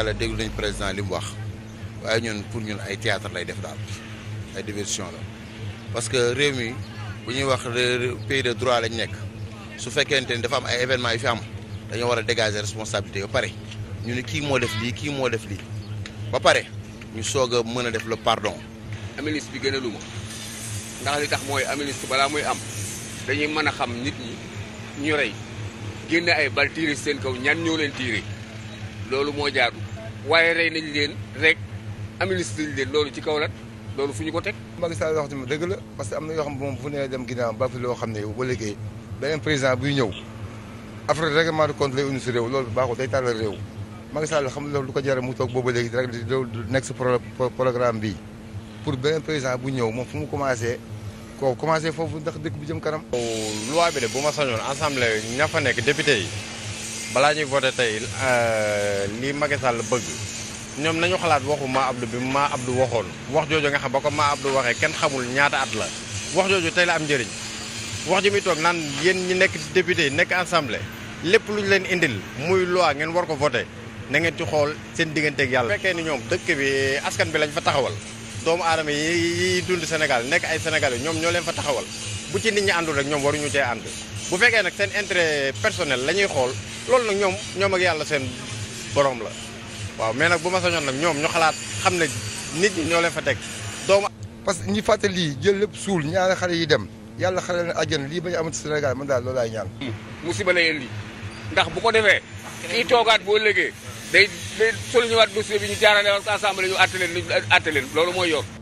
yàlla déglu nañ président li mu wax waaye ñoon pour ñun ay théâtre lay def daal ay diversion la parce que réew mi bu ñuy wax pays de droit lañ nekk su fekkente ni dafa am ay événement yu fi am dañoo war a dégager responsabilité ba pare ñu ne kii moo def lii kii moo def lii ba pare ñu soog a mën a def le pardon. amnistie bi gën a lu ma ndax li tax mooy amnistie balaa muy am dañuy mën a xam nit ñi ñu rey génne ay bal tiiri seen kaw ñan ñoo leen tiiri loolu moo jaadu. waaye rey nañ leen rek amnistie nañ leen loolu ci kaw lan loolu fu ñu ko teg. Macky Sall wax dëgg dëgg la parce que am na yoo xam moom fu ne dem ginnaaw ba fi loo xam ne yow ba léegi beneen buy ñëw après règlement de compte lay indi si réew loolu baaxul day tàllal réew Macky xam loolu lu ko jaral mu toog boobu léegi rek di nekk si programme bi pour beneen président bu ñëw moom fu mu commencé koo commencé foofu ndax dëkk bu jëm kanam. loi bi de bu ma sañoon assemblée ña fa nekk député yi. balaa ñuy voté tey euh, lii Macky Sall bëgg ñoom nañu xalaat waxu maa Abdou bi maa Abdou waxoon wax jooju nga xam ba ko maa ab Abdou waxee kenn xamul ñaata at la wax jooju tey la am njëriñ wax ju muy toog naan yéen ñi nekk député yi nekk assemblée lépp lu ñu leen indil muy loi ngeen war ko voté na ngeen ci xool seen digganteeg yàlla. bu fekkee ni ñoom dëkk bi askan bi lañ fa taxawal doomu aadama yi dund Sénégal nekk ay Sénégalais ñoom ñoo leen fa taxawal bu ci nit ñi àndul rek ñoom waruñu cee ànd bu fekkee nag seen intérêt personnel la ñuy xool loolu nag ñoom ñoom ak yàlla seen borom la waaw mais nag bu ma sañoon nag ñoom ñu xalaat xam ne nit ñi ñoo leen fa teg doomu. parce que ñi fàttali lii jël lépp suul ñaari xale yi dem yàlla xale na àjjana lii bañ amati senegal man daal loolaay ñaan. Hmm, musiba la yéen lii ndax bu ko defee kii toogaat boo léegee day day solu ñëwaat dossier bi ñu jaarale woon assemblée ñu àtte leen ñu loolu mooy yoon.